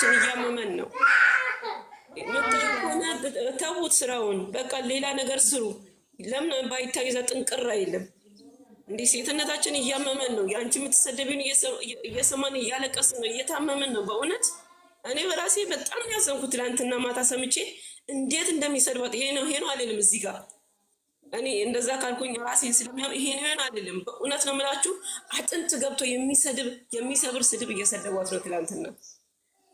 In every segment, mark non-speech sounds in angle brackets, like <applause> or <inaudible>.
ልጃችን እያመመን ነው። መታሆነ ተዉት ስራውን በቃ ሌላ ነገር ስሩ። ለምን ባይታይ ጥንቅር አይልም እንዲህ ሴትነታችን እያመመን ነው። የአንቺ የምትሰደቢውን እየሰማን እያለቀስ ነው፣ እየታመመን ነው። በእውነት እኔ በራሴ በጣም ያዘንኩት ትላንትና ማታ ሰምቼ እንዴት እንደሚሰድባት ይሄ ነው ይሄ ነው አልልም። እዚህ ጋር እኔ እንደዛ ካልኩኝ ራሴ ስለሚያም ይሄ ነው ይሄን አልልም። በእውነት ነው የምላችሁ አጥንት ገብቶ የሚሰድብ የሚሰብር ስድብ እየሰደቧት ነው ትላንትና።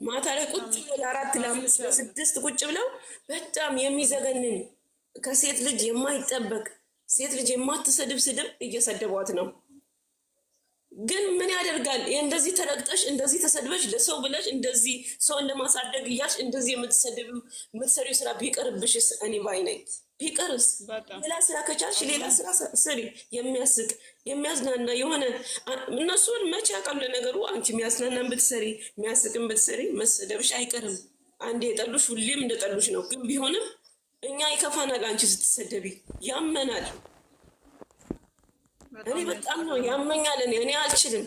ማታ ላይ ቁጭ ብለው ለአራት ለአምስት ለስድስት ቁጭ ብለው በጣም የሚዘገንን ከሴት ልጅ የማይጠበቅ ሴት ልጅ የማትሰድብ ስድብ እየሰደቧት ነው። ግን ምን ያደርጋል እንደዚህ ተረግጠሽ እንደዚህ ተሰድበሽ ለሰው ብለሽ እንደዚህ ሰውን ለማሳደግ እያልሽ እንደዚህ የምትሰድብ ስራ ቢቀርብሽስ? እኔ ባይ ነኝ ቢቀርስ፣ ሌላ ስራ ከቻልሽ ሌላ ስራ ስሪ፣ የሚያስቅ የሚያዝናና የሆነ እነሱን መቼ ያውቃሉ። ለነገሩ አንቺ የሚያዝናናን ብትሰሪ የሚያስቅን ብትሰሪ መሰደብሽ አይቀርም። አንዴ የጠሉሽ ሁሌም እንደጠሉሽ ነው። ግን ቢሆንም እኛ ይከፋናል፣ አንቺ ስትሰደቢ ያመናል። እኔ በጣም ነው ያመኛል። እኔ እኔ አልችልም።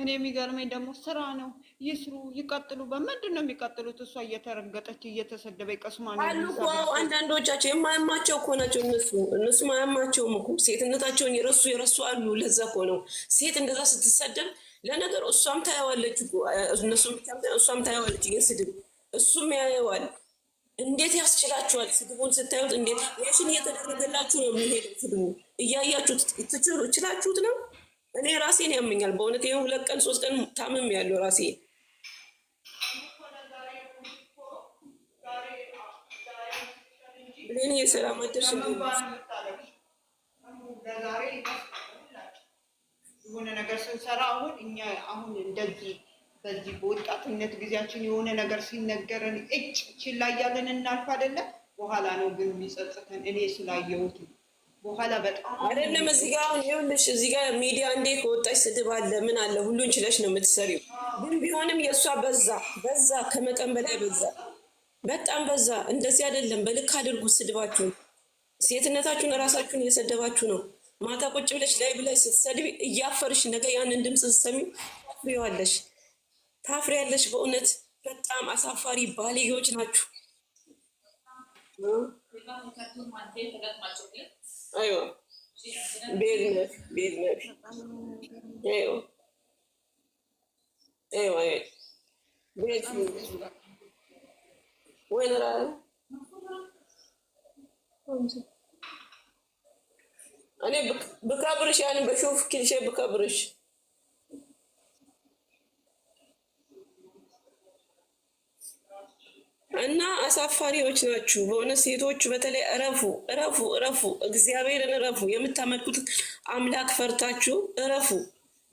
እኔ የሚገርመኝ ደግሞ ስራ ነው። ይስሩ፣ ይቀጥሉ። በምንድን ነው የሚቀጥሉት? እሷ እየተረገጠች እየተሰደበ ቀስማ አሉ እኮ አንዳንዶቻቸው የማያማቸው እኮ ናቸው እነሱ እነሱ ማያማቸውም እኮ ሴትነታቸውን የረሱ የረሱ አሉ። ለዛ እኮ ነው ሴት እንደዛ ስትሰደብ። ለነገሩ እሷም ታየዋለች እነሱም እሷም ታየዋለች። ግን ስድብ እሱም ያየዋል እንዴት ያስችላችኋል? ስድቡን ስታዩት እንዴት ሽን እየተደረገላችሁ ነው የሚሄደው? ስድቡ እያያችሁት ችላችሁት ነው። እኔ ራሴን ያመኛል በእውነት ይህ ሁለት ቀን ሶስት ቀን ታምም ያለው ራሴ ብሌን የሰላም አደርሽ ነገር ስንሰራ አሁን እኛ አሁን እንደዚህ በዚህ በወጣትነት ጊዜያችን የሆነ ነገር ሲነገረን እጭ ችላ እያለን እናልፍ አይደለም። በኋላ ነው ግን የሚጸጽተን። እኔ ስላየሁት በኋላ በጣም አይደለም። እዚህ ጋር አሁን ይኸውልሽ፣ እዚህ ጋር ሚዲያ እንዴ ከወጣች ስድብ አለ ምን አለ ሁሉን ችለሽ ነው የምትሰሪው። ግን ቢሆንም የእሷ በዛ በዛ ከመጠን በላይ በዛ፣ በጣም በዛ። እንደዚህ አይደለም። በልክ አድርጉት ስድባችሁን። ሴትነታችሁን እራሳችሁን እየሰደባችሁ ነው። ማታ ቁጭ ብለሽ ላይ ብላይ ስትሰድቢ እያፈርሽ ነገ ያንን ድምፅ ስትሰሚው ዋለሽ ታፍሬያለሽ። በእውነት በጣም አሳፋሪ ባልዮች ናችሁ። እኔ ብከብርሽ ያን በሾፍ ኪልሼ ብከብርሽ እና አሳፋሪዎች ናችሁ በእውነት ሴቶች፣ በተለይ እረፉ፣ እረፉ፣ እረፉ፣ እግዚአብሔርን እረፉ። የምታመልኩት አምላክ ፈርታችሁ እረፉ።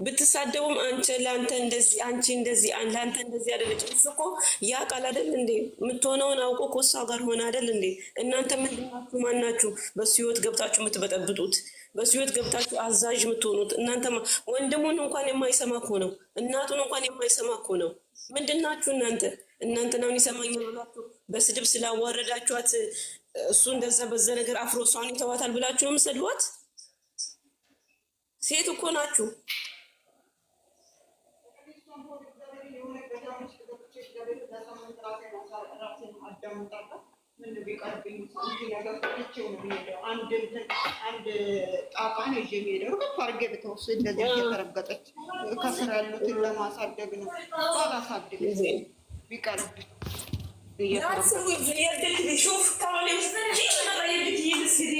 ብትሳደቡም አንቺ ለአንተ እንደዚህ አንቺ እንደዚህ ለአንተ እንደዚህ አደለች እኮ ያ ቃል አደል እንዴ? የምትሆነውን አውቆ ኮሳ ጋር ሆነ አደል እንዴ? እናንተ ምንድናችሁ? ማናችሁ? በሱ ህይወት ገብታችሁ የምትበጠብጡት በሱ ህይወት ገብታችሁ አዛዥ የምትሆኑት እናንተ ወንድሙን እንኳን የማይሰማ እኮ ነው። እናቱን እንኳን የማይሰማ እኮ ነው። ምንድናችሁ እናንተ? እናንተናውን ይሰማኛል ብላችሁ በስድብ ስላዋረዳችኋት እሱ እንደዛ በዛ ነገር አፍሮ እሷን ይተዋታል ብላችሁ ነው የምሰድቧት። ሴት እኮ ናችሁ። አንድ ቢቀርብኝ ናት ስሙ ይል ሹፍ ካሁን ምስጠ ይመጣ የብት ይልስ ጊዜ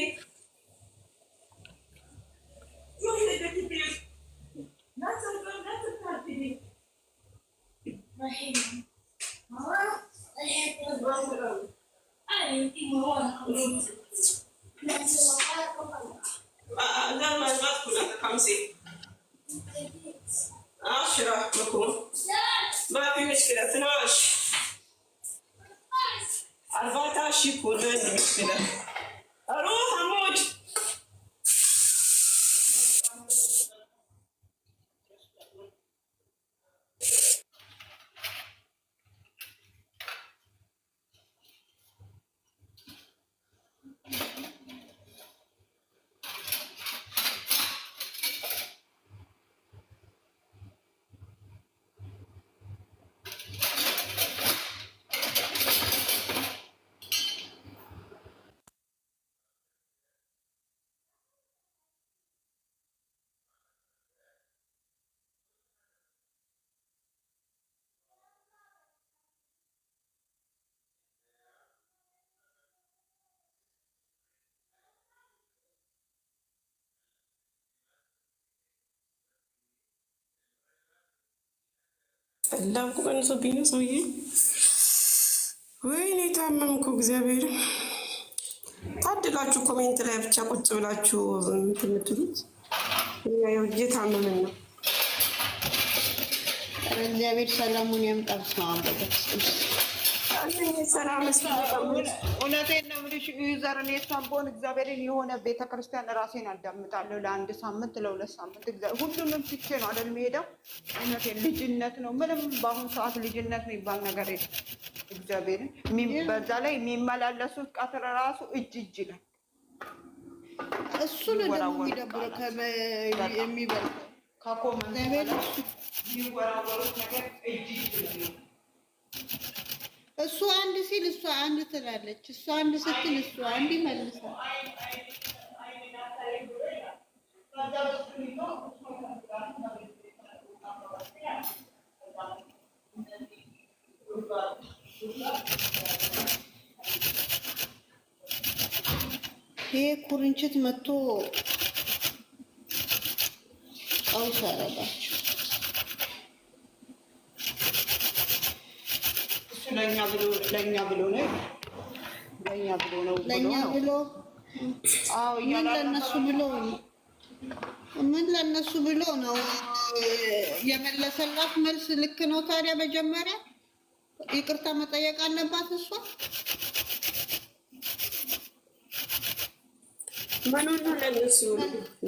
ፍላጎት ቀንሶብኝ ነው ሰውዬ። ወይኔ ታመምኩ። እግዚአብሔር ታድላችሁ። ኮሜንት ላይ ብቻ ቁጭ ብላችሁ የምትሉት እኛ የውጄ ታመምን ነው። እግዚአብሔር ሰላሙን ያምጣ። ስማ እውነቴን ነው የምልሽ። ዩዘር እኔ በሆን እግዚአብሔርን የሆነ ቤተክርስቲያን ራሴን አዳምጣለሁ። ለአንድ ሳምንት ለሁለት ሳምንት ሁሉንም ትቼ ነው አይደል የምሄደው። እውነቴን ልጅነት ነው ምንም፣ በአሁኑ ሰዓት ልጅነት የሚባል ነገር የለም። እግዚአብሔርን በዛ ላይ የሚመላለሱት ቀትር ራሱ እጅ እጅ ይላል። እሱን ደግሞ የሚደብረው የሚበል ከኮመንት የሚወራወሩት ነገር እጅ እጅ ነው እሱ አንድ ሲል እሷ አንድ ትላለች፣ እሷ አንድ ስትል እሱ አንድ ይመልሳል። ይሄ ኩርንችት መጥቶ ቀውስ ለእኛ ብሎ ለእኛ ብሎ ነው ለእኛ ብሎ ነው ለእኛ ብሎ አዎ ምን ለእነሱ ብሎ ምን ለእነሱ ብሎ ነው የመለሰላት መልስ ልክ ነው ታዲያ መጀመሪያ ይቅርታ መጠየቅ አለባት እሷ ምኑን ነው ለነሱ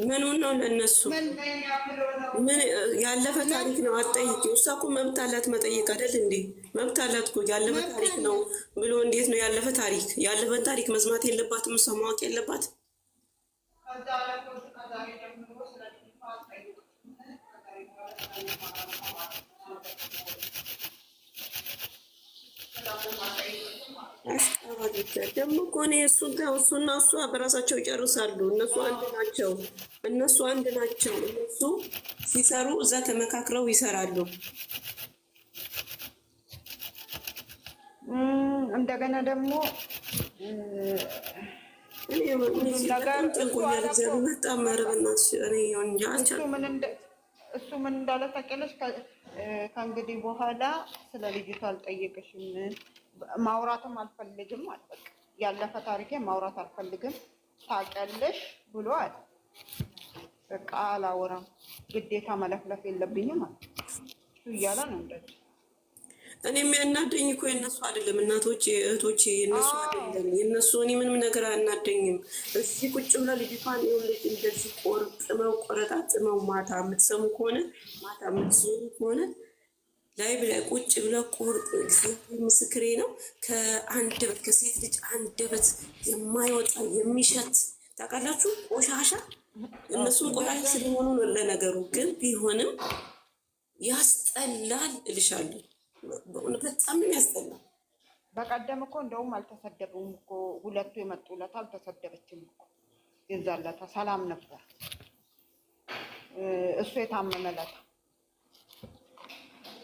ምኑን ነው ለነሱ ምን ያለፈ ታሪክ ነው አትጠይቂ። እሷ እኮ መብት አላት መጠየቅ አይደል እንዴ? መብት አላት እኮ ያለፈ ታሪክ ነው ብሎ እንዴት ነው ያለፈ ታሪክ ያለፈን ታሪክ መስማት የለባትም እሷ ማወቅ የለባት ደግሞ እኮ እኔ እሱ ጋር እሱና እሷ በራሳቸው ይጨርሳሉ። እነሱ አንድ ናቸው። እነሱ አንድ ናቸው። እነሱ ሲሰሩ እዛ ተመካክረው ይሰራሉ። እንደገና ደግሞ እሱ ምን እንዳለ ታውቂያለሽ? ከእንግዲህ በኋላ ስለ ልጅቷ አልጠየቅሽም ማውራትም አልፈልግም አለ። በቃ ያለፈ ታሪኬ ማውራት አልፈልግም ታውቂያለሽ ብሎ አለ። በቃ አላወራም፣ ግዴታ መለፍለፍ የለብኝም አለ እያለ ነው እንደዚህ እኔ የሚያናደኝ እኮ የነሱ አይደለም፣ እናቶች እህቶች፣ የነሱ አይደለም። የነሱ እኔ ምንም ነገር አያናደኝም። እዚህ ቁጭ ብላ ልጅቷን የወለጅ እንደዚህ ቆርጥመው ቆረጣጥመው ማታ የምትሰሙ ከሆነ ማታ የምትዞሩ ከሆነ ላይ ብላይ ቁጭ ብለ ምስክሬ ነው። ከአንደበት ከሴት ልጅ አንደበት የማይወጣ የሚሸት ታውቃላችሁ፣ ቆሻሻ እነሱም ቆሻሻ ስለሆኑ ነው። ለነገሩ ግን ቢሆንም ያስጠላል እልሻለሁ። በእውነት በጣም ያስጠላል። በቀደም እኮ እንደውም አልተሰደቡም እኮ ሁለቱ የመጡለት አልተሰደበችም እኮ የዛለታ ሰላም ነበር እሱ የታመመለታ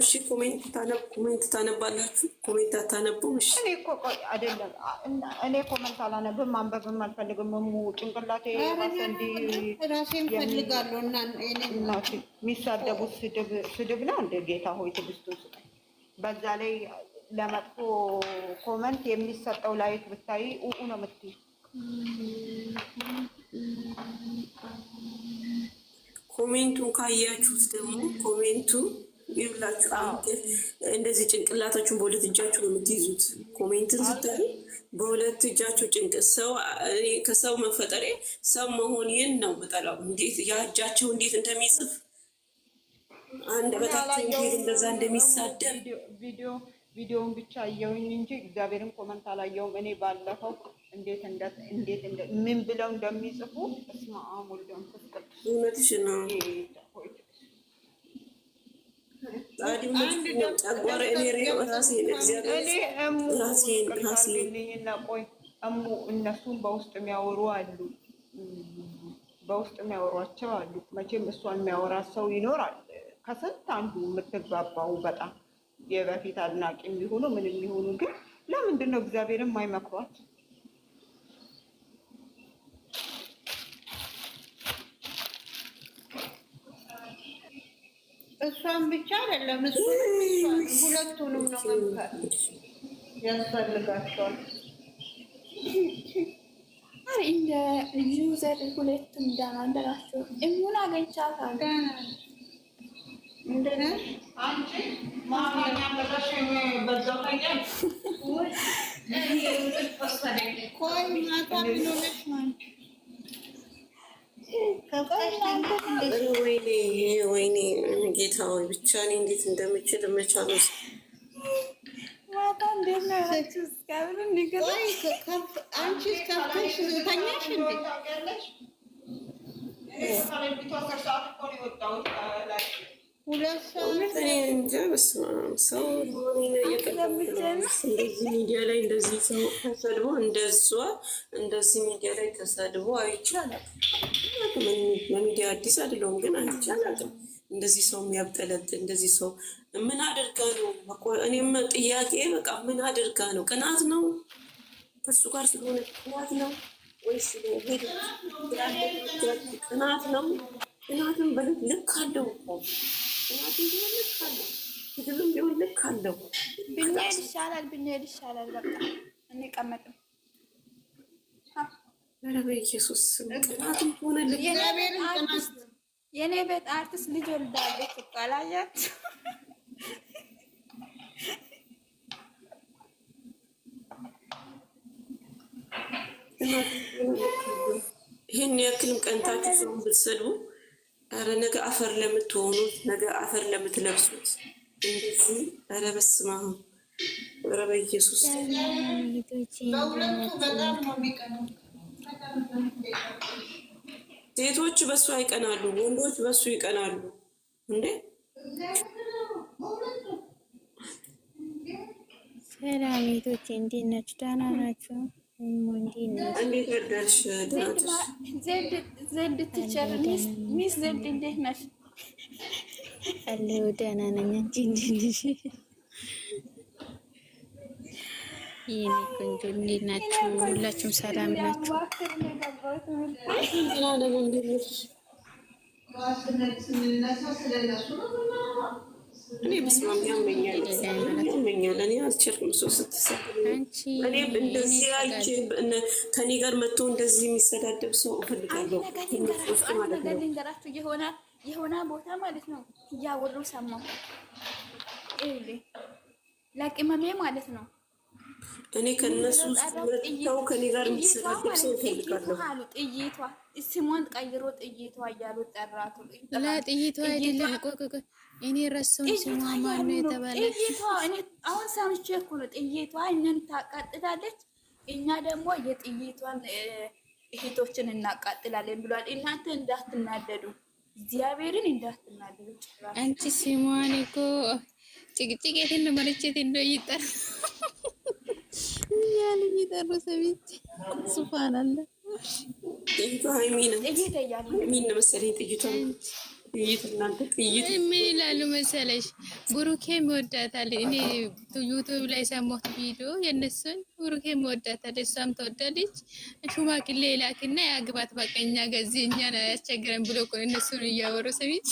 እሺ ኮሜንት ታነብ ኮሜንት ታነባላችሁ፣ ኮሜንት አታነቡም። እሺ እኔ እኮ አይደለም እኔ ኮሜንት አላነብም አንበብም አልፈልግም። ሙ ጭንቅላቴ ራሴን ፈልጋለሁ እና የሚሳደቡት ስድብ ስድብ ነው እንደ ጌታ ሆይ ትዕግስቱ ስጠኝ። በዛ ላይ ለመጥፎ ኮመንት የሚሰጠው ላይት ብታይ ኡኡ ነው የምትይው ኮሜንቱን ካያችሁት ደግሞ ኮሜንቱ ይብላችሁ እንደዚህ ጭንቅላታችሁን በሁለት እጃችሁ ነው የምትይዙት። ኮሜንትን ስታዩ በሁለት እጃችሁ ጭንቅ ሰው ከሰው መፈጠሬ ሰው መሆን ይን ነው ምጠላው። እንዴት ያ እጃቸው እንዴት እንደሚጽፍ አንድ በታቸው እንዴት እንደዛ እንደሚሳደብ ቪዲዮ ቪዲዮውን ብቻ አየሁኝ እንጂ እግዚአብሔርን ኮመንት አላየውም እኔ ባለፈው እንዴት እንዴት ምን ብለው እንደሚጽፉ እስማ ወልድ መንፈስ ነው። እሙ እነሱም በውስጥ የሚያወሩ አሉ፣ በውስጥ የሚያወሯቸው አሉ። መቼም እሷን የሚያወራ ሰው ይኖራል። ከስንት አንዱ የምትግባባው በጣም የበፊት አድናቂ የሚሆኑ ምንም የሚሆኑ ግን ለምንድን ነው እግዚአብሔርም አይመክሯት? እሷን ብቻ አይደለም እሱ ሁለቱንም ነው መምከር ያስፈልጋቸዋል። እንደ ዩዘር ሁለቱም ደህና እንደናቸው እሙን አገኝቻታለሁ። <laughs> ቆይ ማታ ምን ሆነሽ ነው አንቺ? ወይኔ ጌታ ሆይ ብቻ እኔ እንዴት እንደምችል መቻል ውስጥ እንደዚህ ሚዲያ ላይ እንደዚህ ሰው ተሰድቦ እንደሷ እንደዚህ ሚዲያ ላይ ተሰድቦ አይቻልም። አላውቅም። በሚዲያ አዲስ አይደለሁም፣ ግን አንቺ አላውቅም። እንደዚህ ሰው የሚያብጠለጥ እንደዚህ ሰው ምን አድርጋ ነው? እኔም ጥያቄ በቃ ምን አድርጋ ነው? ቅናት ነው ከሱ ጋር ስለሆነ ቅናት ነው ወይስ ቅናት ነው? ቅናትም በልብ ልክ አለው እኮ ቅናትም ቢሆን ልክ አለው፣ ስድብም ቢሆን ልክ አለው። ብንሄድ ይሻላል፣ ብንሄድ ይሻላል። በቃ እንቀመጥም ኧረ በኢየሱስ ጥናትም ሆነ የኔ ቤት አርቲስት ልጅ ወልዳለች እኮ አላያችሁም? ይህን ያክልም ቀንታችሁ ሰው ብትሰድቡ፣ ኧረ ነገ አፈር ለምትሆኑት፣ ነገ አፈር ለምትለብሱት እንደዚህ ኧረ በስመ አብ ኧረ በኢየሱስ በሁለቱ በጣም ነው የሚቀኑት። ሴቶች በሱ አይቀናሉ፣ ወንዶች በሱ ይቀናሉ። እንዴ ሰላም ቤቶቼ፣ እንዴት ናችሁ? ደህና ናችሁ? ዘድ ሚስ ዘድ እንዴት ናችሁ? አለሁ ደህና ነኝ። አንቺ እንዴት ነሽ? ይህኔ ቆንጆ እንዴት ናችሁ? ሁላችሁም ሰላም ናችሁ? እኔ በስመ አብ ያመኛል ያመኛል። እኔ አልችልም። ሰው ስትሰድብ እንደዚህ አልችልም። ከኔ ጋር መጥቶ እንደዚህ የሚሰዳደብ ሰው እፈልጋለሁ ማለት የሆነ የሆነ ቦታ ማለት ነው እያወሩ ሰማሁ። ለቅመሜ ማለት ነው እኔ ከነሱ መጥተው ከኔ ጋር የሚሰራቸው ሰው ይፈልጋለሁ። ጥይቷ ስሟን ቀይሮ ጥይቷ እያሉ ጠራቱ። ለጥይቷ አይደለም ቆቆቆ እኔ ረሰውን ስሟ ማን ነው የተባለ ጥይቷ? እኔ አሁን ሰምቼ እኮ ነው ጥይቷ። እኛን ታቃጥላለች፣ እኛ ደግሞ የጥይቷን እህቶችን እናቃጥላለን ብሏል። እናንተ እንዳትናደዱ፣ እግዚአብሔርን እንዳትናደዱ። ጭራሽ አንቺ ስሟን እኮ ጭቅጭቅ የትን መርቼት እንደ ይጠራ ያለኝ የጠሩ ቤት ሱፋን አለ ጥይቷ ምን ይላሉ መሰለሽ፣ ብሩኬም ይወዳታል። እኔ ዩቱብ ላይ ሰማሁት ቪዲዮ የነሱን። ብሩኬም ይወዳታል፣ እሷም ተወዳለች። ሽማግሌ ላክና የአግባት በቀኛ ገዜ እኛ ያስቸግረን ብሎ እነሱን እያወሩ ሰሚች